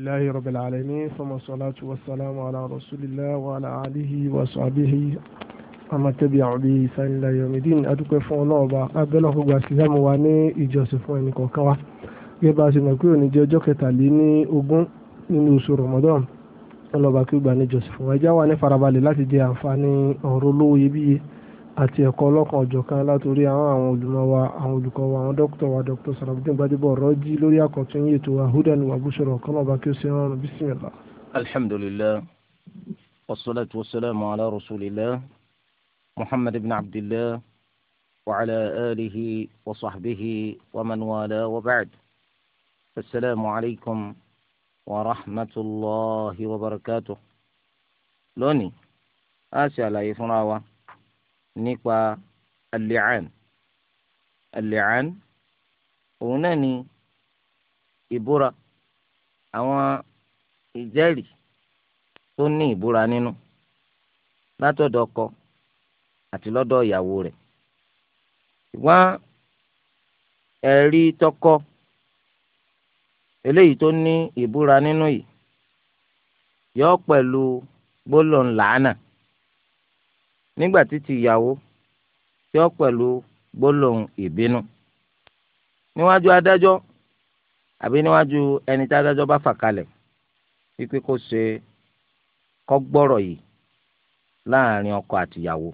الله رب العالمين ثم الصلاة والسلام على رسول الله وعلى آله وصحبه أما تبع به سان لا يوم الدين أدوك فون أبا أبلا هو بسلام واني إجاز فون نكون كوا يبا سنكون نجوجو كتاليني أبون nínú oṣù Ramadan ọlọ́ba kí ó gbà ní ìjọsìn fún wa ẹjá wà ní farabalẹ̀ láti àti ẹ̀kọ́ ọlọ́kan ọ̀jọ̀kan látòrí àwọn àwọn olùmọ̀ wa àwọn olùkọ́ wa àwọn dókítà wa dókítà sàràbùdín gbadébọ̀ rọ́jí lórí àkọ́tún yìí ètò wa húdà ní wàbúṣọ̀rọ̀ kọ́nọ̀bá kí ó ṣe rọrùn bísímìlá. alhamdulilayi wasalaatu wasalaamu ala rasulillah muhammad ibn abdillah wa ala alihi wa sahbihi wa man wala wa ba'd asalaamu alaykum wa rahmatulahi wa barakatuh lónìí a ṣe àlàyé fúnra wa. nípa al-li'an al-li'an òun náà ni ìbúra àwọn ìjẹ́rìí tó ní ìbúra nínú látọ̀dọ̀ ọkọ àti lọ́dọ̀ ìyàwó rẹ̀ ṣùgbọ́n ẹ̀rí tọkọ eléyìí tó ní ìbúra nínú yìí yọ pẹ̀lú gbólóhùn làánà nígbà tí ti ìyàwó tí ó pẹ̀lú gbólóhùn ìbínú níwájú adájọ́ àbí níwájú ẹni tí adájọ́ bá fà kalẹ̀ wípé kó ṣe kó gbọ́rọ̀ yìí láàrin ọkọ àtìyàwó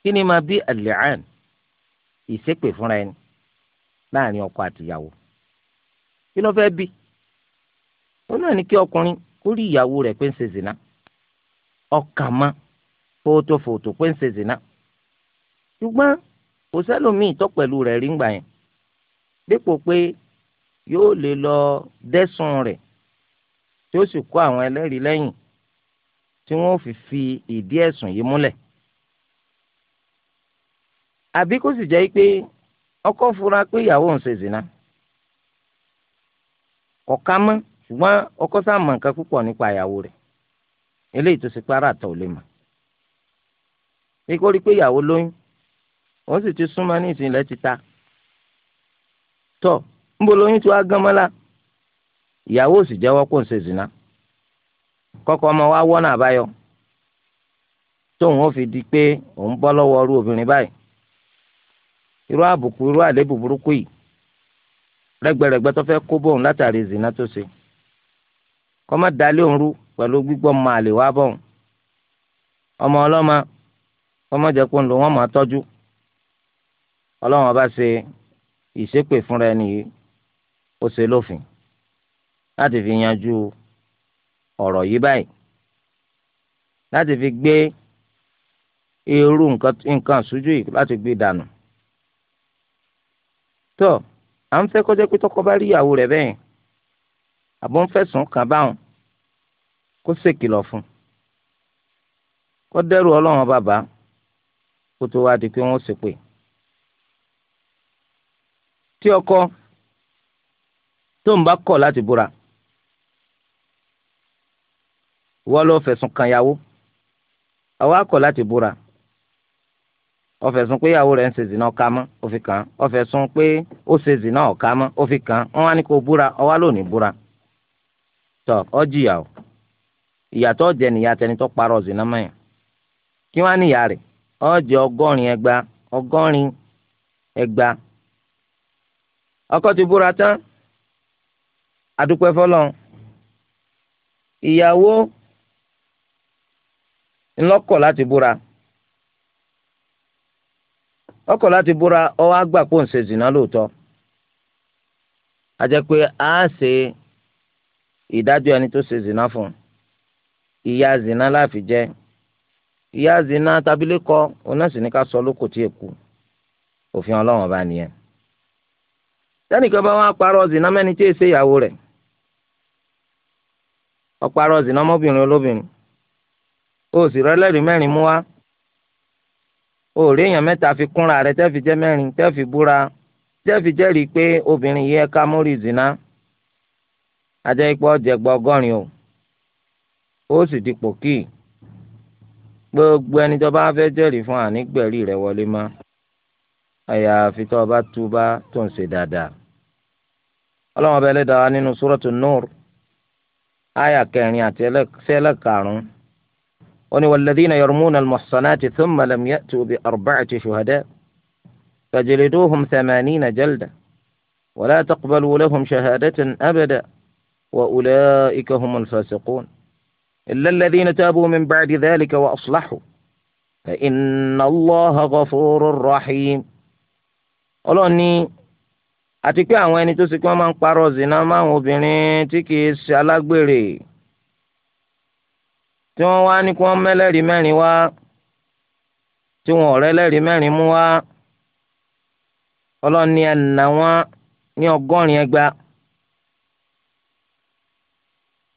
kí ni máa bí àlẹ́hàn ìṣépè fúnra ẹni láàrin ọkọ àtìyàwó kí ló fẹ́ bí ó náà ní kí ọkùnrin kó ìyàwó rẹ̀ pé ń ṣe zina ọkà máa fòtòfòtò pé ń ṣe zina ṣùgbọ́n kò sẹ́lòmíì tọ́ pẹ̀lú rẹ̀ rí ngbà yẹn dípò pé yóò lè lọ dẹ́sùn rẹ̀ tí ó sì kó àwọn ẹlẹ́rìí lẹ́yìn tí wọ́n fi fi ìdí ẹ̀sùn yìí múlẹ̀ àbí kó sì jẹ́ pé ọkọ fura pé ìyàwó ń ṣe zina ọ̀ka mọ́ ṣùgbọ́n ọkọ sáà nǹkan púpọ̀ nípa ìyàwó rẹ̀ eléyìí tó ara àtọ̀ ò lè ní pé ìyàwó lóyún òun sì ti súnmọ́ ní ìsìnlẹ̀ ti tọ tọ́ níbo lóyún tí wàá gán mọ́lá ìyàwó sì jẹ́wọ́ kó ń ṣe zìnà kọ́kọ́ ọmọ wa wọ́nà àbáyọ tóun ó fi di pé òun bọ́ lọ́wọ́ obìnrin báyìí irú àbùkù irú àlébù burúkú yìí rẹ́gbẹ̀rẹ́gbẹ́ tó fẹ́ kó bóun látàrí zìnà tó ṣe dalé òun rú kọ́mọ jẹ́ kó ń lo wọ́n máa tọ́jú ọlọ́run ọba ṣe ìṣépè fúnra ẹni yìí ó ṣe lófin láti fi yanjú ọ̀rọ̀ yìí báyìí láti fi gbé irú nǹkan ṣojú yìí láti gbé dànù tó à ń fẹ́ kọjá pé tọkọ bá rí ìyàwó rẹ̀ bẹ́ẹ̀ àbọ̀ ń fẹ̀sùn kàn báwọn kó ṣèkìlọ̀ fún kó dẹ́rù ọlọ́run bàbá. kó tó wá di pé tí ọkọ tó ń bá kọ̀ láti búra wọ́n lọ fẹ̀sùn kan yàwó àwa kọ̀ láti búra ó pé ìyàwó rẹ̀ ń ṣe zina ọ̀ka mọ́ ó fi kàn án pé ó ṣe zina ọ̀ka mọ́ ó fi kàn án wọ́n ní kó ìyàtọ̀ tó parọ́ kí wọ́n á ó jẹ́ ọgọ́rin ẹgba ọgọ́rin ẹgba ọkọ ti búra tán adúpẹ́ fọlọ́ ìyàwó ńlọ́kọ̀ láti búra ọkọ̀ láti búra ọwọ́ àgbà pò ń ṣe zìnà lóòótọ́ a jẹ́ pé a ṣe ìdájọ ẹni tó ṣe zìnà fún ìyà zìnà láfi jẹ ìyá zina tabilékọ òun náà sì ní ká sọ lóko tí èkó òfin ọlọ́run ọba nìyẹn tẹnìkan bá wọn parọ́ zina mẹ́ni tí èsè ìyàwó rẹ̀ ọparọ́ zina ọmọbìnrin olóbìnrin ó sì rẹ́lẹ́rìí mẹ́rin mú wá ó rí èèyàn mẹ́ta fi kúnra rẹ̀ tẹ́fi jẹ́ mẹ́rin tẹ́fi búra tẹ́fi jẹ́rìí pé obìnrin yẹ ká mórí zina ajẹ́ ipò ọ̀jẹ̀gbọ́ ọgọ́rin o ó sì dipò kíì. gbogbo ẹni tó bá fẹ́ jẹ́rìí fún ànígbẹ̀rí rẹ̀ wọlé mọ́ àyàfi tó bá tu bá tó ń ṣe dáadáa. ọlọ́run ọba ẹlẹ́dàá nínú súrọ́tù nur àyà kẹrin àti ẹlẹ́ ẹlẹ́karùn-ún wọ́n ní walladhina yarmuna al-muhsanati thumma lam ya'tu bi hum arba'ati shuhada fajliduhum thamanina jalda wa la taqbalu lahum abẹ́dẹ́. wọ́n ulẹ̀ ulaika humul fasikun. إلا الذين تابوا من بعد ذلك وأصلحوا فإن الله غفور رحيم ọlọ́ni àti pé àwọn ẹni tó ṣe kí wọ́n máa ń parọ́ zina máwọn obìnrin tí kì í ṣe alágbèrè tí wọ́n wá ní kí wọ́n mẹ́lẹ́rìí mẹ́rin tí wọ́n wá ẹ̀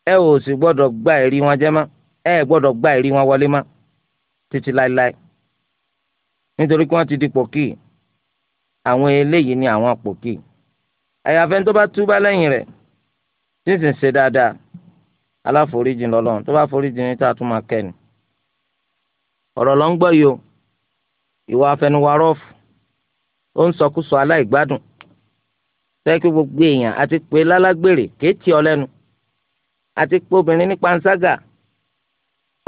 ẹ ò sì gbọ́dọ̀ gba ẹ̀rí wọn jẹ́ mọ́ ẹ gbọ́dọ̀ gba ẹ̀rí wọn wọlé mọ́ títí láéláé nítorí pé wọ́n ti di pòkì àwọn eléyìí ni àwọn pòkì àyàfẹ́ tó bá túbá lẹ́yìn rẹ̀ sísìn ṣe dáadáa aláforíjìn lọ́lọ́run tó bá foríjìn ní tààtú máa kẹ́ni ọ̀rọ̀ ló ń gbọ́ yìí o ìwà afẹnuwarọ́ọ̀fù ó ń sọkúsọ aláìgbádùn sẹ́kí gbogbo èèyàn àti pé lálágbèrè kéétì ọ àti pé obìnrin ní panṣágà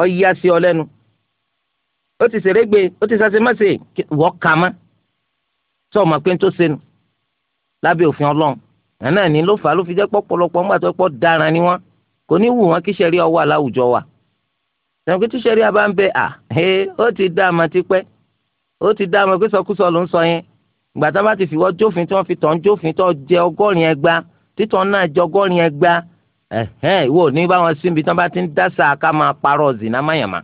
ọ yá sí ọ lẹ́nu ó ti ṣèrégbè ó ti ṣàṣemáṣe wọ́ ka mọ́ tí ọmọ pé ń tó ṣe nu lábẹ́ òfin ọlọ́run àná ní ló fà á ló fi jẹ́ pọ̀pọ̀lọpọ̀ ńgbà tó pọ̀ dára ni wọ́n kò ní wù wọ́n kí sẹ́rí ọwọ́ aláwùjọ wa sẹ́wọ̀n pé tíṣẹ́rí abá ń bẹ à ẹ ó ti dá àmọ́ tipẹ́ ó ti dá àmọ́ pé sọkúsọ ló ń sọ yẹn ìgbà tá a bá ti fìwọ́ jófin tí wọ́n fi tàn jófin tó jẹ ọgọ́rin ẹgbàá títàn náà jẹ ọgọ́rin ẹgbàá ẹ̀hẹ́n ìwọ ní báwọn síbi tí wọ́n bá ti ń dásà ká máa parọ́ zìnnà máyàmá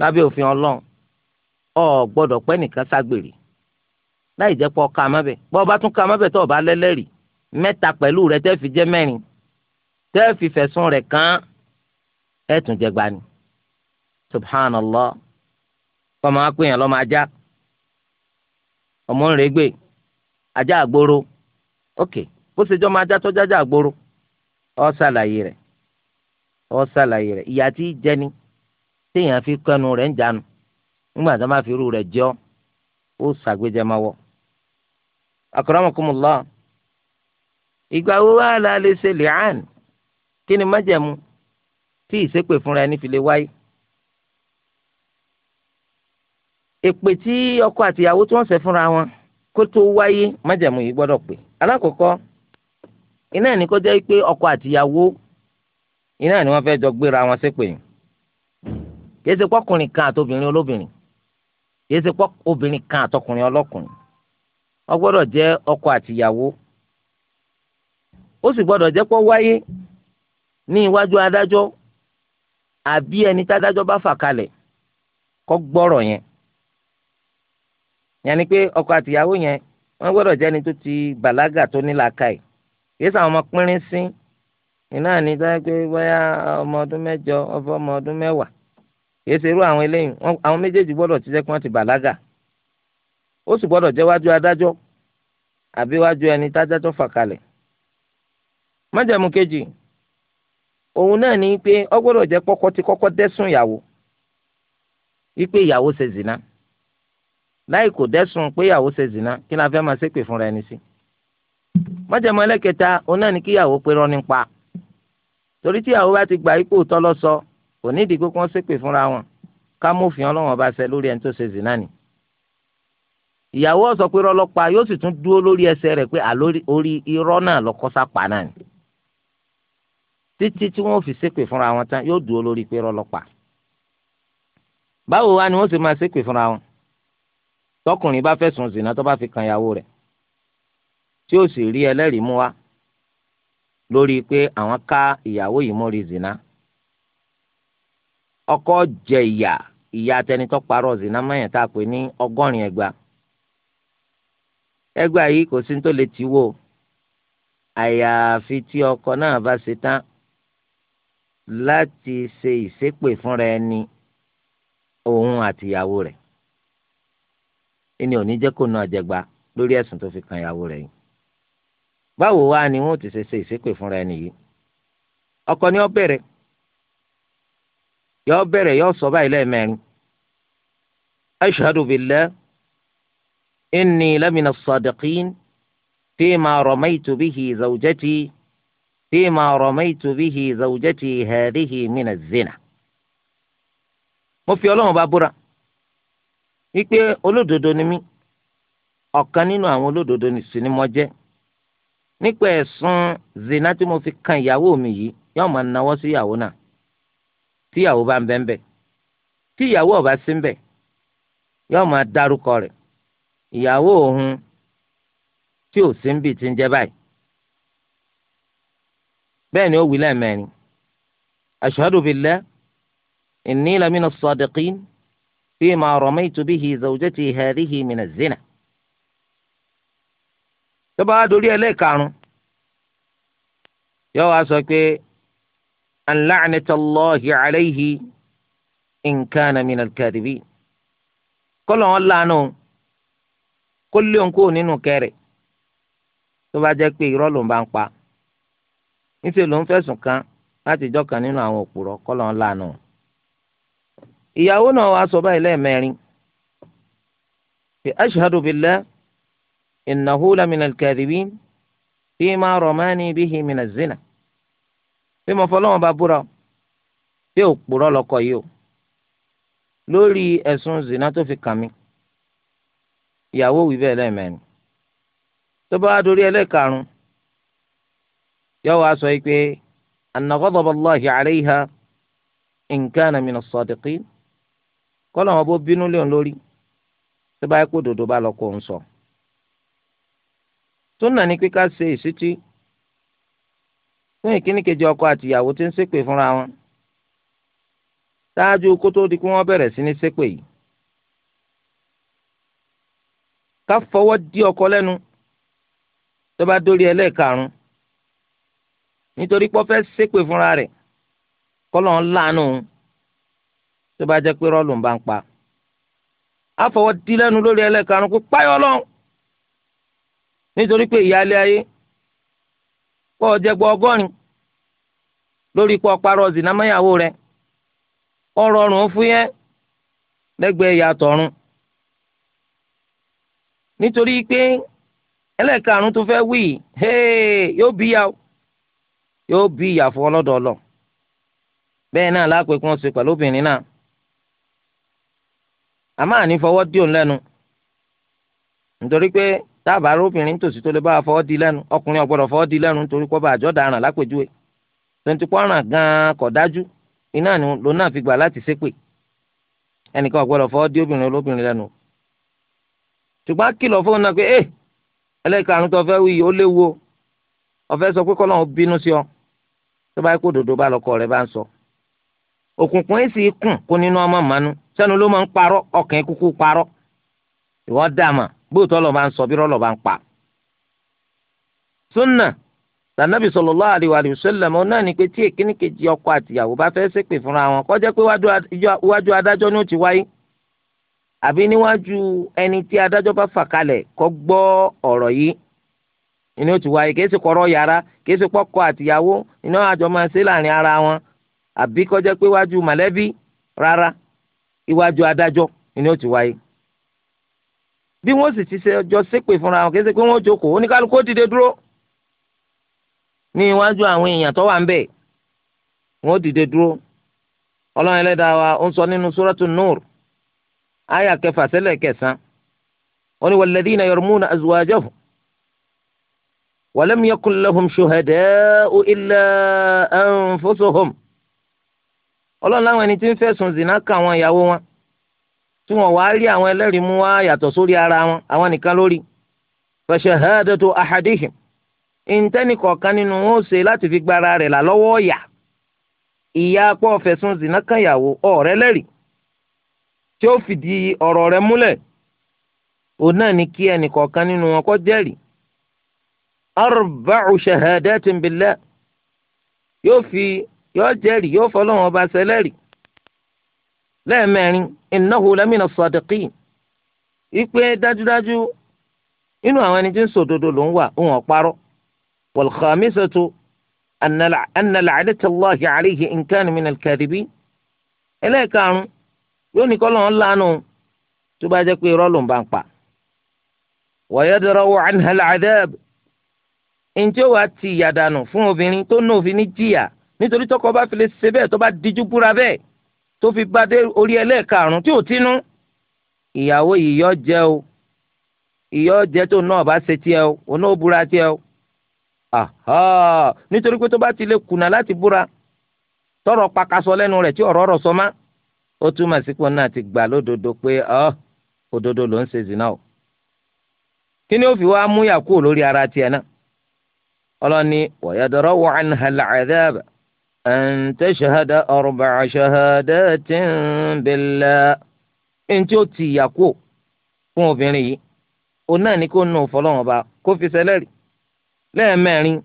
lábẹ́ òfin ọlọ́run ọ gbọ́dọ̀ pẹ́ nìkan ságbèrè láì jẹ́ pọ́ ká mọ́bẹ̀ bọ́ bá tún ká mọ́bẹ̀ tó o bá lẹ́lẹ́rìí mẹ́ta pẹ̀lú rẹ tẹ́ fi jẹ́ mẹ́rin tẹ́ fi fẹ̀sùn rẹ̀ kàn ẹ̀ tún jẹ gbani subhanallah Ọmọ akpéyàn lọ́mọ ajá ọmọ nrẹ́gbẹ́ ajá àgbòrò ok bó ṣe jọ́ ọmọ ajá tó jájá àgbòrò ọ ṣàlàyé rẹ̀ ọ ṣàlàyé ìyá tí jẹni téèyàn fi kẹnu rẹ̀ ń jánu nígbà tó máa fi irú rẹ̀ jọ, ó ṣàgbéjẹmọ́wọ́. akramakumullah ìgbà wo wá la lè ṣe lẹ́hàn kí ni májẹ̀mú lè wáyé. èpè tí ọkọ àtìyàwó tí wọ́n ṣe fúnra wọn kó tó wáyé májẹ̀mú yìí iná ní kó jẹ́ pé ọkọ àtìyàwó iná ni wọ́n fẹ́ jọ gbéra wọn ṣépè kìí ṣe pọ́kùnrin kan àtobìnrin olóbìnrin kìí ṣe pọ́ kan àtọkùnrin ọlọ́kùnrin ó gbọ́dọ̀ jẹ́ ọkọ àtìyàwó ó sì gbọ́dọ̀ jẹ́ pọ́ wáyé ní iwájú adájọ́ àbí ẹni tádájọ́ bá fà kalẹ̀ kó gbọ́rọ̀ yẹn yẹn ni pé ọkọ àtìyàwó yẹn wọ́n gbọ́dọ̀ jẹ́ ẹni tó ti bàlágà tó ní làákàyè kìí sàn ọmọ pínrín sí iná ní dáa pé bóyá ọmọ ọdún mẹ́jọ ọfọ ọmọ ọdún mẹ́wàá kìí ṣe irú àwọn eléyìí àwọn méjèèjì gbọ́dọ̀ ti jẹ́ kí wọ́n ti bàlágà ó sì gbọ́dọ̀ jẹ́ wájú adájọ́ àbí wájú ẹni tájájọ́ fà kalẹ̀ májàmú kejì òun náà ní pé ó gbọ́dọ̀ jẹ́ kọ́kọ́ tí kọ́kọ́ dẹ́sùn ìyàwó wípé ìyàwó ṣe zina láì kò dẹ́sùn pé ìyàwó ṣe zina kí la fẹ́ máa ṣépè fúnra ẹni sí. Si májẹ̀mú ẹlẹ́kẹta òun náà ní kíyàwó pé rọ́ọ̀ nípa torí tíyàwó bá ti gbà ipò tọ́ lọ sọ kò nídìí pé kí wọ́n ṣépè fúnra wọn ká mòfin ọlọ́wọ́n bá ṣe lórí ẹni tó ṣe zìnnà ni. ìyàwó sọ pé irọ́ lọ́pa yóò sì tún dúró lórí ẹsẹ̀ rẹ̀ pé àlórí irọ́ náà lọ́kọ́sápá náà ni. títí tí wọ́n fi ṣépè fúnra wọn tán yóò dúró lórí pé irọ́ lọ́pa. báwo wá ni wọ́n sì máa ṣépè fúnra wọn. tọkùnrin bá fẹ̀sùn zìnnà tó bá fi kan ìyàwó rẹ̀ tí ó sì rí ẹlẹ́rìí mú lórí pé àwọn ká ìyàwó yìí zina ọkọ jẹ ìyà ìyà atẹnitọ́ parọ́ zina mẹ́yìn tá a pè ní ọgọ́rin ẹgba ẹgba yìí kò sí ní tó lè ti àyàfi tí ọkọ náà bá ṣe tán láti ṣe ìṣépè òun àtìyàwó ẹni jẹ́ kó náà lórí ẹ̀sùn fi kan ìyàwó báwo wá ni wọn ò ti ṣe ṣe ìṣépè fúnra ẹni yìí ọkọ ni ó bẹ̀rẹ̀ yọ bẹ̀rẹ̀ yọ sọ báyìí lẹ́ẹ̀mẹ́rin ashhadu billah inni lamina sadiqin fima ramaytu bihi zawjati fima ramaytu bihi zawjati hadhihi mina zina mo fi ọlọ́run bá búra wípé olódodo ni mí ọ̀kan nínú àwọn olódodo ni mo jẹ́ nípa ẹ̀sùn zina tí mo fi kan ìyàwó mi yìí yóò máa nawọ́ sí ìyàwó náà tí ìyàwó bá ń bẹ́ ń bẹ̀ tí ìyàwó ọ̀bá sí ń bẹ̀ yóò máa dárúkọ rẹ̀ ìyàwó òun tí ò sí ń ti ń jẹ́ mina zina. tó bá wá dorí ẹlẹ́ẹ̀karùn yóò wá sọ pé an la'natullahi alayhi in kana minal kadhibin kọ́lọ̀ wọn kó lé nínú kẹrẹ tó bá jẹ́ pé irọ́ ló ń bá ń pa níṣẹ́ ló ń fẹ̀sùn láti jọ́ kan nínú àwọn òpùrọ́ lánà innahu lamina al-kadhibin fima ramani bihi mina zina bí mo fọlọ́wọ́n bá búra bí òpùrọ́ lọ́kọ yìí o lórí ẹ̀sùn zina tó fi kàn mí ìyàwó wí bẹ́ẹ̀ lẹ́ẹ̀mẹ́rin tó bá dorí ẹlẹ́ẹ̀karùn yóò wá sọ pé anna ghadaba Allahi alayha in kana mina as-sadiqin kọ́lọ́wọ́n bó bínú léon lórí tó bá yẹ kó dòdò bá lọ́kọ̀ ń sọ. So súnà ní kíkà ṣe ìṣítí fún ìkíní kejì ọkọ àti ìyàwó tí ń ṣépè fúnra wọn ṣáájú kó tó di pé wọ́n bẹ̀rẹ̀ sí ní ṣépè yìí ká fọwọ́ di ọkọ lẹ́nu tó bá dórí ẹlẹ́ẹ̀karùn nítorí pé ó fẹ́ ṣépè fúnra rẹ̀ kọ́lọ̀ ń lànà òun tó bá jẹ́ pé rọ́ọ̀lù ń bá ń pa á fọwọ́ di lẹ́nu lórí ẹlẹ́ẹ̀karùn pé páyọ̀ ọlọ́run nítorí pé ìyáálé ayé kọ́ ọ jẹgbọ́ ọgọ́rin lórí ikú ọparọ́ zinamáyàwó rẹ ọ̀rọ̀ ọ̀rùn fún yẹn lẹ́gbẹ̀ẹ́ ìyàtọ̀ nítorí pé ẹlẹ́ẹ̀karùn tó fẹ́ wí yóò bí ya yóò bí ìyàfọ́ ọlọ́dọọlọ bẹ́ẹ̀ náà lápẹ́ kí wọ́n ṣe pẹ̀lú obìnrin náà àmọ́ àní fọwọ́ dí òun lẹ́nu nítorí pé táàbà arábìnrin tòsí tó lè bá wa fọwọ́ di lẹ́nu ọkùnrin ọ̀gbọ́dọ̀ fọwọ́ di lẹ́nu nítorí pọ́ bá àjọ dáràn lápèjúwe tonti pọ́nrán gan-an kò dájú iná ni lòun náà fi ee eh, tó fẹ́ wí ó léwu o ọ̀fẹ́ sọ pé kọ́lọ́hún bínú sí ọ tó bá kó dòdò bá lọ́kọ bá ń sọ òkùnkùn kùn bóòtọ́ lọ́ọ́ bá ń sọ bí rọ́ọ̀lọ́ bá ń pa. súnà tànàbì sallallahu alaihi wasallam náà ni pé tí èkíní kejì ọkọ àtìyàwó bá fẹ́ ṣépè fúnra wọn kó jẹ́ pé iwájú adájọ́ ni ó ti wáyé àbí níwájú ẹni tí adájọ́ bá fà kalẹ̀ kó gbọ́ ọ̀rọ̀ yìí ni ó ti wáyé kìí ṣe kọ̀rọ̀ yàrá kìí ṣe pọ́kọ àtìyàwó iná àjọ máa ṣe láàrin ara wọn àbí kó pé iwájú mọ̀lẹ́bí rárá iwájú adájọ́ ni ó ti wáyé bí wọ́n sì ti ṣe ọjọ́ ṣépè fúnra wọn kì í ṣe pé wọ́n jókòó oníkálukú ó dìde dúró ní iwájú àwọn èèyàn tó wà ń bẹ̀ wọ́n dìde dúró ọlọ́run ẹlẹ́dàá wa ó ń sọ nínú suratu nur àyà kẹfà kẹsàn-án ọlọ́run láwọn ẹni tí ń zìnnà ìyàwó wọn tí wọ́n wá rí àwọn ẹlẹ́rìí mú wá yàtọ̀ sórí ara wọn àwọn nìkan lórí fa shahadatu ahadihim ìǹtẹ́nì kọ̀ọ̀kan nínú wọn ó ṣe láti fi gbára rẹ̀ là lọ́wọ́ ọ̀yà ìyá apọ̀ fẹ̀sùn zìnnà kànyàwó ọ̀rẹ́ lẹ́rìí tí ó fìdí ọ̀rọ̀ rẹ̀ múlẹ̀ òun náà ni kí ẹnì nínú wọn kó jẹ́rìí arba'u shahadatin yóò fi yóò jẹ́rìí yóò fọlọ́wọn ọba ṣẹlẹ́rìí lẹ́ẹ̀mẹ́rin innahu lamina sadiqin ìpè dájúdájú inú àwọn ẹni tí ń sòdodo ló ń wà òun ọ̀parọ́ wal khamisatu anna la'nata Allahi alayhi in kana mina al-kadhibin ẹlẹ́ẹ̀karùn yóò ní kọ́lọ́ ń lanu tó bá jẹ́ pé irọ́ ló ń bá ń pa wa yadra'u anha al-adhab ǹjẹ́ wàá ti ìyàdànù fún obìnrin tó ní òfin ní jìyà nítorí tọkọ bá fi lè ṣe bẹ́ẹ̀ tó bá dijú búra bẹ́ẹ̀ tó fi bá dé orí ẹlẹ́ẹ̀karùn-ún tí ò tínú ìyàwó yìí yọ jẹ o ìyọ jẹ tó náà bá ṣe tiẹ o òun náà búra tiẹ o nítorí pé tó bá ti lè kùnà láti búra tọrọ pakasọ lẹ́nu rẹ̀ tí ọ̀rọ̀ rọ̀ sọ má ó túmọ̀ sí pé náà ti gbà lódodo pé òdodo ló ń ṣe zina o kí ni ó fi wá mú yà kúrò lórí ara tiẹ̀ náà ọlọ́ni wọ̀yẹ́dọ̀rọ̀ wọ̀ ẹ̀ ń hàlẹ́ àdáàbà أن تشهد أربع شهادات بالله ẹni tí ó ti ìyà kú fún obìnrin yìí òun náà ni kó nù fọlọ́wọ́n ba kó fi sẹlẹ́rì lẹ́ẹ̀mẹ́rin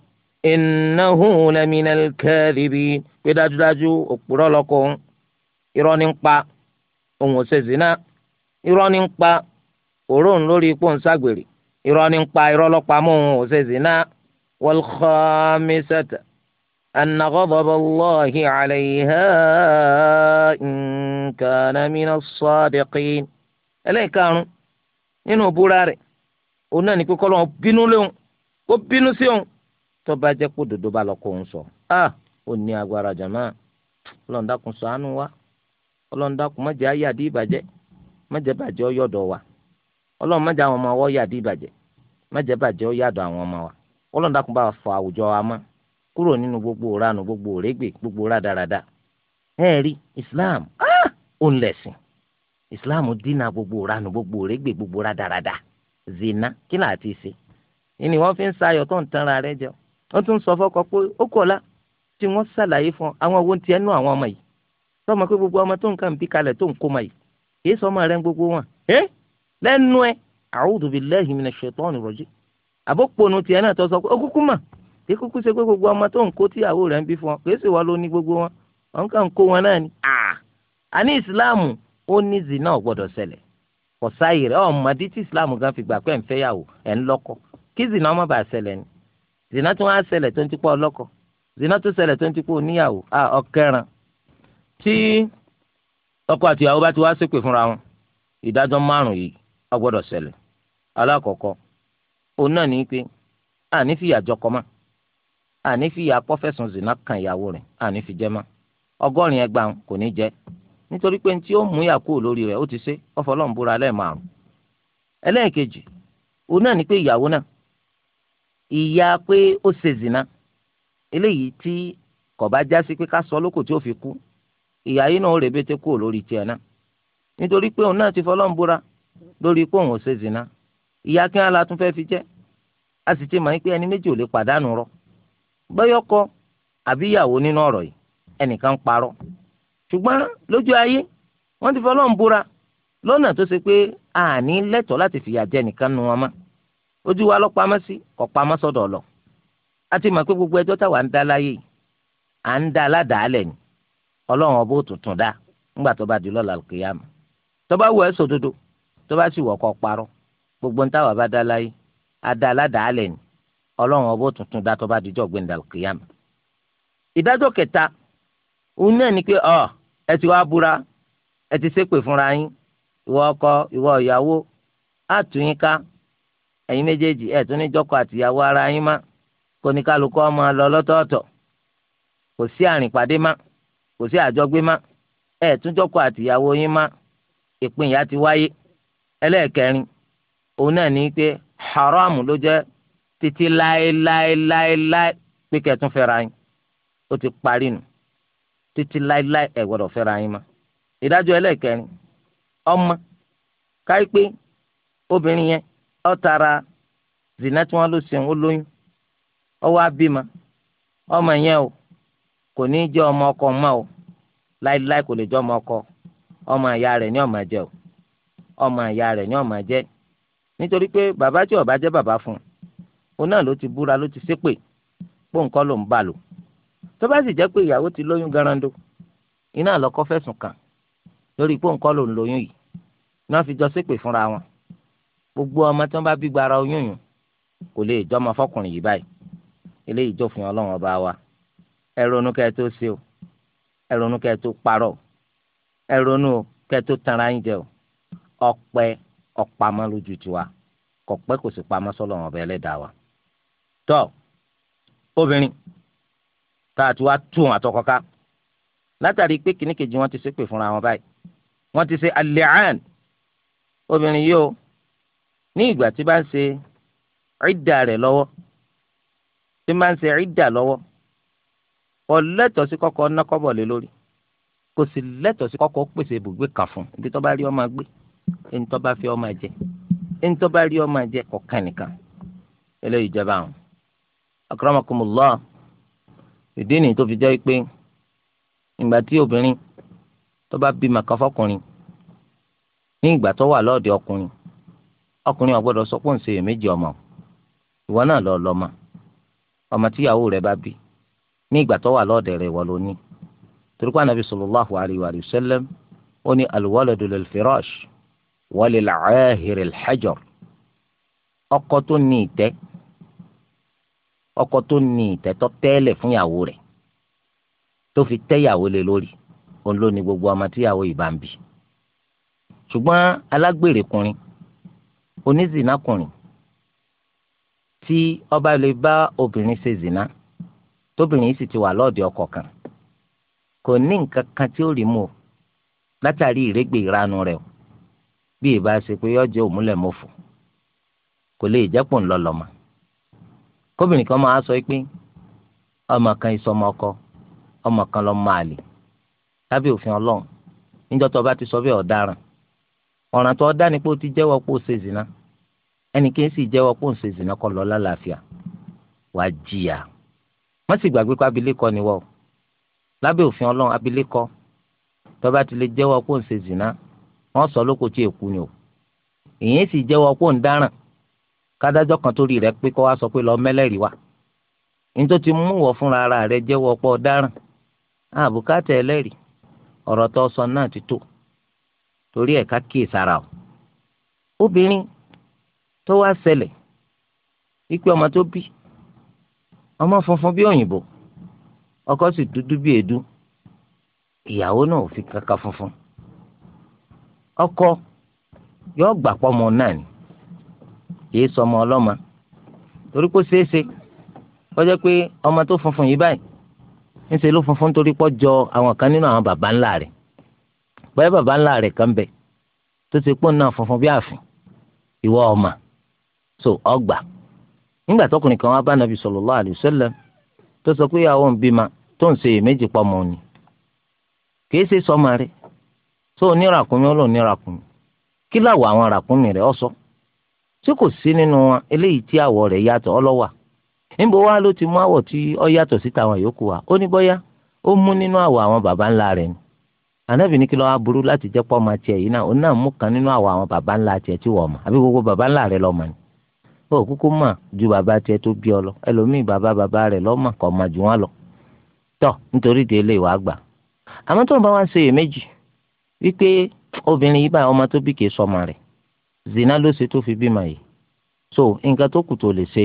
innahu laminal kadhibin pé dájúdájú òpùrọ́ lọ́kọ irọ́ ní ń pa òun ò ṣe zina irọ́ ní ń pa òróùn lórí ipò ń ságbèrè irọ́ ní ń pa irọ́ lọ́pàá mọ́ òun ò ṣe zina wal khamisata. أن غضب الله عليها إن كان من الصادقين eléyìí karùn nínú búra rẹ̀ òun náà ní pé kọ́ lọ́wọ́ bínú léwọn kó bínú sí òun tó bá jẹ́ kó dòdò bá lọ kó òun sọ a ò ní agbára jàmá ọlọ́ọ̀dàkùn ṣàánú wa ọlọ́ọ̀dàkùn má jẹ́ ìbàjẹ́ má bàjẹ́ ọyọ́dọ̀ wa ọlọ́ọ̀ má àwọn ọmọ wa ọyáàdí ìbàjẹ́ má jẹ́ bàjẹ́ ọyọ́dọ̀ àwọn ọmọ wa ọlọ́ọ̀dàkùn bá fọ àwùjọ wa mọ́ kúrò nínú gbogbo ìranù gbogbo òrégbè gbogbo rádaràda ẹ rí islam ah, ó ń lẹ̀sìn islam dínà gbogbo ìranù gbogbo òrégbè gbogbo zina kí là ise. ti ṣe ni wọ́n fi ń sayọ tó ń tanra rẹ jẹ wọ́n tún sọ fọ́kọ pé ó kọ̀ la tí wọ́n gbogbo ọmọ tó bí kalẹ̀ tó ń kó ma yìí kì í gbogbo wọn ẹ ẹ kí kúkú ṣe pé gbogbo ọmọ tó ń kó tíyàwó rẹ̀ ń bí fún ọ kì í sì wá ló ní gbogbo wọn wọn kàn ń kó wọn náà ni. àní ìsìláàmù ó ní zina ò gbọdọ̀ ṣẹlẹ̀ kò sáàyè rẹ̀ ọmọdé tí ìsìláàmù gan fi gbà pé ń fẹ́yàwó ẹ̀ ń lọ́kọ kí zina ọmọ bá ṣẹlẹ̀ ni zina tó wá ṣẹlẹ̀ tó ń tipọ́ ọlọ́kọ zina tó ṣẹlẹ̀ tó ń tipọ́ oníyàwó ọkẹran tí ọkọ àti ìyàwó bá ti wá ṣépè fúnra wọn ìdájọ́ márùn yìí ó àní fi ìyá pọ́fẹ̀sùn zina kan ìyàwó rẹ̀ àní fi jẹ́ mọ́ ọgọ́rin ẹgbà kò ní jẹ́ nítorí pé tí ó mú ìyà kúrò lórí rẹ̀ ó ti ṣe ọfọlọ́n búra lẹ́ẹ̀márùn ẹlẹ́ẹ̀kejì òun náà ni pé ìyàwó náà ìyà pé ó ṣe zina eléyìí sọ lóko tí ó fi kú ìyá yìí náà ó kúrò lórí tiẹ̀ náà nítorí pé òun náà ti lórí pé òun ò ṣe zina ìyá kí wọn la tún fẹ́ fi jẹ́ a sì bọ́yọ́kọ àbíyàwó nínú ọ̀rọ̀ yìí ẹnìkan parọ parọ́ ṣùgbọ́n lójú ayé wọ́n ti fọlọ́n búra lọ́nà tó ṣe pé àní lẹ́tọ̀ọ́ láti fìyà jẹ nìkan nu wọn mọ́ ojú wa sí sọ́dọ̀ lọ àti pé gbogbo ẹjọ́ táwa ń dá láyé à ń dá ni dá ńgbà tó bá di bá ọlọ́run ọbọ̀ tuntun dá tó bá dijọ́ gbẹ̀ndàlùkìyàmù. ìdájọ́ kẹta òun náà ni pé ọ ẹ ti wá búra ẹ ti sépè fúnra yín ìwọ ọkọ ìwọ ìyàwó á tún yín ká ẹ̀yin méjèèjì ẹ tún ní jọkọ àtìyàwó ara yín má kò ní kálukọ́ ọmọ lọ lọ́tọ̀ọ̀tọ̀ kò sí àrìn pàdé má kò sí àjọgbé má Ẹ tún jọkọ àtìyàwó yín má ìpínyà ti wáyé ẹlẹ́ẹ̀kẹrin òun náà ní pé haramu ló jẹ́ títí láéláéláéláé pé kẹtún fẹ́ra yín ó ti parí nù títí láéláé ẹ̀ gbọ́dọ̀ fẹ́ra yín mọ́. ìdájọ́ ẹlẹ́kẹrin ọmọ káípé obìnrin yẹn ó tara zina tí wọ́n lọ sí ó lóyún ó wá bímọ ọmọ yẹn o kò ní í jẹ́ ọmọ ọkọ mọ́ o láéláé kò lè jẹ́ ọmọ ọkọ ọmọ ìyá rẹ̀ ni ó máa jẹ́ o ọmọ ìyá rẹ̀ ni ó máa jẹ́ nítorí pé bàbá tí ó bá bàbá fún un òun náà ló ti búra ló ti ṣépè pé nǹkan ló ń bà lò tó bá sì jẹ́ pé ìyàwó ti lóyún garando iná lọ́kọ fẹ̀sùn kàn lórí pé nǹkan ló ń lóyún yìí náà fi jọ ṣépè fúnra wọn gbogbo ọmọ tí wọ́n bá bí gbara oyún yìí kò lè jọmọ fọkùnrin yìí báyìí eléyìí jọfin Ọlọ́run ọba wa ẹ ronú kẹ́ tó ṣe o ẹ ronú kẹ́ tó parọ́ ẹ ronú kẹ́ tó tanra yín jẹ o ọpẹ́ ọpamọ lójú tiwa kọpẹ kò sì pamọ́ sọ́lọ́run ọba Ẹlẹ́dàá wa tọ́ obìnrin tá a ti wá tú wọn àtọkọ ká látàrí pé kìíní kejì wọn ti ṣépè fúnra wọn báyìí wọn ti ṣe al obìnrin yìí o ní ìgbà tí bá ń ṣe ìdà rẹ̀ lọ́wọ́ tí bá ń ṣe ìdà lọ́wọ́ kò lẹ́tọ̀ọ́ sí kọ́kọ́ ná kọ́bọ̀ lé lórí kò sì lẹ́tọ̀ọ́ sí kọ́kọ́ pèsè ibùgbé kan fún ibi tó bá rí ọmọ gbé ẹni tó bá fi ọmọ jẹ ẹni tó bá rí ọmọ jẹ kọ̀ọ̀kan nìkan eléyìí jẹba àwọn akramakumullah ìdí nìyí tó fi jẹ́ pé ìgbà tí obìnrin tó bá bímọ kan fọkùnrin ní ìgbà tó wà lọ́ọ̀dẹ ọkùnrin ọkùnrin ò gbọ́dọ̀ sọ pé ń ṣe èméjì ọmọ ìwọ náà lọ lọ́mọ ọmọ tíyàwó rẹ bá bí ní ìgbà tó wà lọ́ọ̀dẹ rẹ ìwọ ló ní torípé sallallahu alayhi wa sallam ó ní alwaladu lil firash wa lil aahiri ọkọ tó ní ìtẹ́ ọkọ tó ní ìtẹ́tọ́ tẹ́lẹ̀ fún ìyàwó rẹ̀ tó fi tẹ́ ìyàwó lé lórí òun ló ní gbogbo ọmọ tíyàwó ìbá ń bí ṣùgbọ́n alágbèrèkùnrin onízìnnákùnrin tí ọba lè bá obìnrin ṣe zìnná tóbìnrin sì ti wà lọ́ọ̀dẹ ọkọ kan kò ní nǹkan kan tí ó rí mú látàrí ìrégbè ìranu rẹ̀ bí ìbá ṣe pé yọjẹ òmúlẹ̀ mọ́fò kò lè jẹ́pọ̀ ńlọlọ́mọ́ kóbìnrin kan máa sọ pé ọmọ kan ìsọmọ ọkọ ọmọ kan lọ máa lè lábẹ́ òfin ọlọ́run níjọ́ tó bá ti sọ bẹ́ẹ̀ ọ̀daràn ọ̀ràn tó dá ni pé ó ti jẹ́wọ́ pé ó ṣe zina ẹnì kí n sì jẹ́wọ́ pé ó ń ṣe zina kọ́ lọ lálàáfíà wà á jìyà wọ́n sì gbàgbé pé abilékọ ni wọ́ lábẹ́ òfin ọlọ́run abilékọ tó bá ti lè jẹ́wọ́ pé ó ṣe zina wọ́n sọ lóko tí èkú ni o ìyẹn sì jẹ́wọ́ pé ó ń dáràn kádájọ́ kan tó rí rẹ pé kọ́ wá sọ pé lọ mẹ́lẹ́rìí wá nítorí ti mú wọ fúnra ara rẹ jẹ́wọ́ ọ̀pọ̀ ọ̀daràn àbùkátà ẹlẹ́rìí ọ̀rọ̀ tó sọ náà ti tó torí ẹ̀ ká kíyè sára o. obìnrin tó wá ṣẹlẹ̀ wípé ọmọ tó bí ọmọ funfun bí òyìnbó ọkọ sì dúdú bí èédú ìyàwó náà ò fi kankan funfun ọkọ yóò gbà pọ́ ọmọ náà ni kì í sọmọ ọlọ́mọ torí kó ṣeé ṣe kọjá pé ọmọ tó funfun yìí báyìí ńṣe ló funfun torí pọ́ jọ àwọn kan nínú àwọn baba ńlá rẹ̀ báyìí baba ńlá rẹ̀ kan bẹ̀ tó ti pọ́n náà funfun bí ààfin ìwọ ọmọ so ọgbà nígbà tọkùnrin kan wá bá nàbì tó sọ pé ìyàwó ń bímọ tó ń ṣe èméjì kì í ṣe sọmọ rẹ̀ tó tí kò sí nínú wọn eléyìí tí àwọ̀ rẹ̀ yàtọ̀ ọlọ́wà níbo wá ló ti mú àwọ̀ tí ó yàtọ̀ sí tàwọn yòókù wa ó ní bọ́yá ó mú nínú àwọ̀ àwọn baba ńlá rẹ̀ ni ànábì ní kí ló wá burú láti jẹ́ pọ́ ọmọ tiẹ̀ yìí náà òun náà mú kan nínú àwọ̀ àwọn baba ńlá tiẹ̀ tí wọ́n mọ̀ àbí gbogbo baba ńlá rẹ̀ lọ́mọ ni ó kúkú mà ju baba tiẹ̀ tó bí ọ lọ ẹlòmíì baba baba rẹ̀ zina ló ṣe tó fi bímọ yìí so nǹkan tó kù tó lè ṣe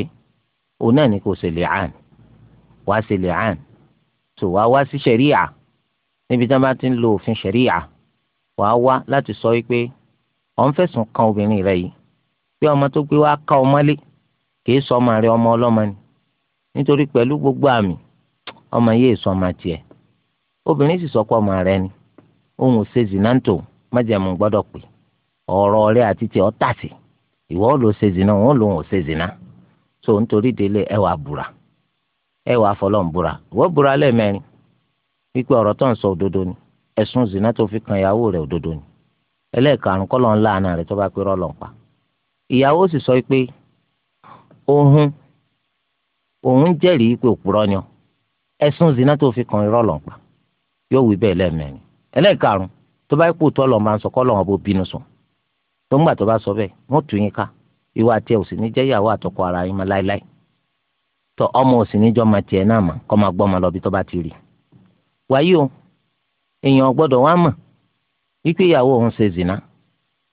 òun náà ni kò ṣe lè àn wá ṣe lè àn so wá wá sí ṣẹ̀ríà níbi tí wọ́n bá ti ń lo òfin ṣẹ̀ríà wá wá láti sọ wípé ọ̀ ń fẹ̀sùn kan obìnrin rẹ yìí pé ọmọ tó gbé wá ká ọmọ lé kì í sọ ọmọ rẹ ọmọ ọlọ́mọ ni nítorí pẹ̀lú gbogbo àmì ọmọ yìí sọ ọmọ tiẹ̀ obìnrin sì sọ pé ọmọ rẹ ni òun ò ṣe zina ń gbọ́dọ̀ pè é ọ̀rọ̀ rẹ̀ àti tiẹ̀ ọ́ tàsí ìwọ ló ṣe zina wọn lòun ò ṣe zina so nítorí délé ẹ wàá búra ẹ wàá fọlọ́n búra ìwọ búra lẹ́ẹ̀mẹrin wípé ọ̀rọ̀ tó ń sọ òdodo ni zina tó fi kan ìyàwó rẹ̀ òdodo ni ẹlẹ́ẹ̀karùn kọ́ ló ń rẹ̀ tó bá pé pa ìyàwó sì sọ pé zina tó kan pa yóò wí bẹ́ẹ̀ lẹ́ẹ̀mẹrin ẹlẹ́ẹ̀karùn tó bá tọ́ tó ń gbà tó bá sọ bẹ́ẹ̀ wọ́n tù yín ká ìwà tiẹ̀ ò sì ní jẹ́ ìyàwó àtọkọ ara yín mọ́ láéláé tó ọmọ ò sì ní jọ́ máa tiẹ̀ náà mọ̀ kọ́ máa gbọ́ ọmọ lọ bí tó bá ti o èèyàn gbọ́dọ̀ wá mọ̀ wípé ìyàwó zina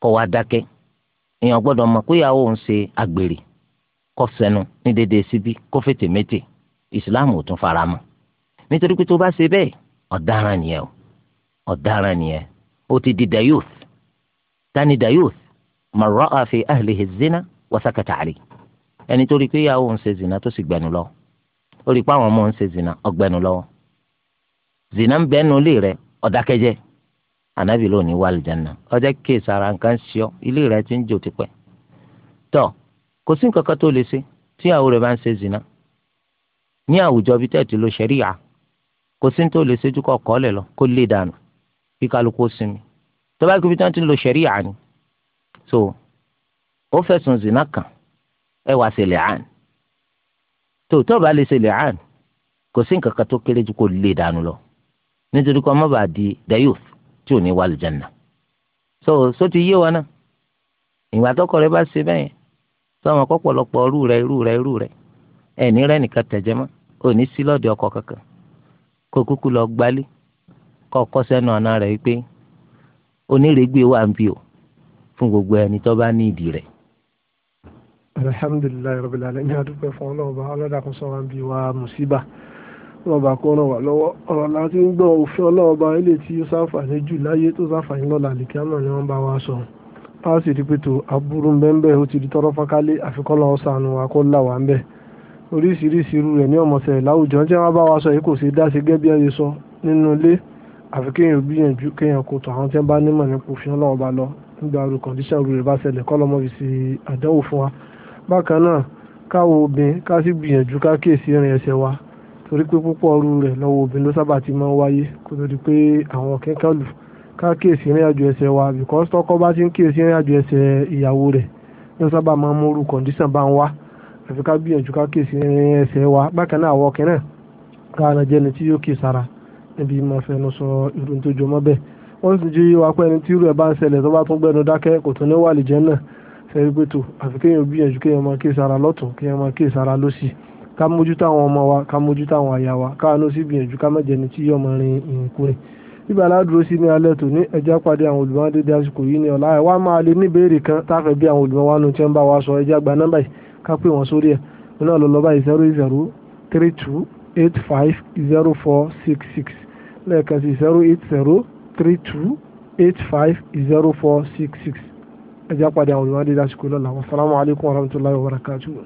kọ́ dake dákẹ́ èèyàn gbọ́dọ̀ mọ̀ pé ìyàwó òun ṣe àgbèrè kọ́ ní síbí kó fètè mété ìsìláàmù ò tún fara mọ́ nítorí pé tó bá ṣe bẹ́ẹ̀ di tani man ra'a fi ahlihi zina wa sakata alayhi ẹni tó rí i pé ìyàwó ń ṣe zina tó sì gbẹnu lọ ó rí i pé àwọn ọmọ ń ṣe zina ọgbẹnu lọ́wọ́ zina ń bẹnu ilé rẹ̀ ọ̀dákẹ́jẹ́ anabi ló ní wàlìjánà ọjọ́ kéésì ara nǹkan ṣíọ ilé rẹ̀ ti ń jò tipẹ́ tọ́ kò sí nǹkan kan tó lè ṣe tí ìyàwó rẹ̀ bá ń ṣe zina ní àwùjọ bíi tẹ́ẹ̀tì ló ṣẹ̀ríyà kò sí tó lè ṣe jù kọ́ kọ́ lẹ̀ lọ kó lè dànù kí sinmi tó bá kí ibi ti lo ṣẹ̀ríyà ni so ó fẹ̀sùn zina kàn ẹ wá ṣe lẹ́hàn tó tó bá lè ṣe lẹ́hàn kò sí nǹkan kan tó kéré ju kó lè dànù lọ nítorí kó má bàa di dayuth tí ò ní wà lùjánà so so ti yé wa náà ìgbà tọkọ rẹ bá ṣe bẹ́ẹ̀ sọmọ pọ̀pọ̀lọpọ̀ irú rẹ irú rẹ irú rẹ ẹ̀ní rẹ nìkan tẹ̀jẹ̀ mọ́ òní sí lọ́ọ̀dẹ̀ ọkọ kankan kó kúkú lọ gbálé kọ́ ọkọ sẹ́nu ọ̀nà rẹ̀ wípé onírègbè wà ń bí o fún gbogbo ẹni tó bá ní ìdí rẹ̀. alhamdulilayi rabil alamin adúpẹ́ fún ọlọ́ọ̀bá ọlọ́dàkùn sọ̀rọ̀ bíi wa musiba ọlọ́ọ̀bá kó ràn wá lọ́wọ́ ọ̀rọ̀ láti ń gbọ́ òfin ọlọ́ọ̀bá ilé tí ó sáfàní jù láyé tó sáfàní lọ́la àlìkíá náà ni wọ́n bá wa sọ páàsì ìdípẹ̀tò aburú bẹ́ẹ̀ ó ti di tọrọ fọ́nkálé àfikọ́lọ́ ọ̀sán wa kó là wá ń bẹ̀ oríṣiríṣi irú rẹ̀ ní ọ̀mọ̀sẹ̀ láwùjọ jẹ́ wọ́n bá wa sọ yìí kò sí dá sí gẹ́gẹ́ bí ẹ àfi kéèyàn gbìyànjú kéèyàn kó tọ̀ àwọn tí wọ́n bá nímọ̀ nípa òfin ọlọ́run bá lọ nígbà orí kọ̀ǹdíṣàn orí rẹ̀ bá ṣẹlẹ̀ kọ́ lọ́mọ fi ṣe àdánwò fún wa bákan náà káwo obìnrin ká sì gbìyànjú ká kíyèsí ìrìn ẹsẹ̀ wa torí pé púpọ̀ ọrú rẹ̀ lọ́wọ́ obìnrin ló sábà ti máa ń wáyé kó tó di pé àwọn kẹ́kẹ́ lù ká kíyèsí ìrìn àjò ẹsẹ̀ wa because tọ́kọ bá ti ń kíyèsí ìrìn àjò ẹsẹ̀ ìyàwó rẹ̀ ló sábà máa ń mú orú kọ̀ǹdíṣàn bá ń wá àfi ká gbìyànjú ká kíyèsí ìrìn ẹsẹ̀ wa bákan náà àwọn ọkẹ́ náà ká níbi máa fẹnu sọ irú tó jọmọ́ bẹ́ẹ̀ wọ́n sì jí wa pé ẹni tí irú ẹ̀ bá ń ṣẹlẹ̀ tó bá tún gbẹnu dákẹ́ kò tún ní wà lè jẹ́ náà fẹ́rí pé tó àfi kéèyàn gbìyànjú kéèyàn máa kíyèsí ara lọ́tún kéèyàn máa kíyèsí ara lọ́sì ká mójútó àwọn ọmọ wa ká mójútó àwọn àyà wa káàánú sí gbìyànjú ká má jẹni tí yọmọ rin ìrìnkúrìn bíbá aládùúró sí ní alẹ́ tó ní ẹjá pàdé àwọn olùmọ̀ dédé àsìkò yìí ní ọ̀la ẹ̀ wá máa lè níbèrè kan táfẹ́ bí àwọn olùmọ̀ wa tí wọ́n bá wa sọ ẹjá gba nọ́mbà yìí ká pè wọ́n sórí ẹ̀ náà lọ lọ́ba yìí zero zero three two eight five zero four six six lẹ́ẹ̀kan sí zero eight zero three two eight five zero four six six ẹ jẹ́ àpàdé àwọn olùwádìí lásìkò lọ́la wasalaamualeykum warahmatulahi wabarakatuh.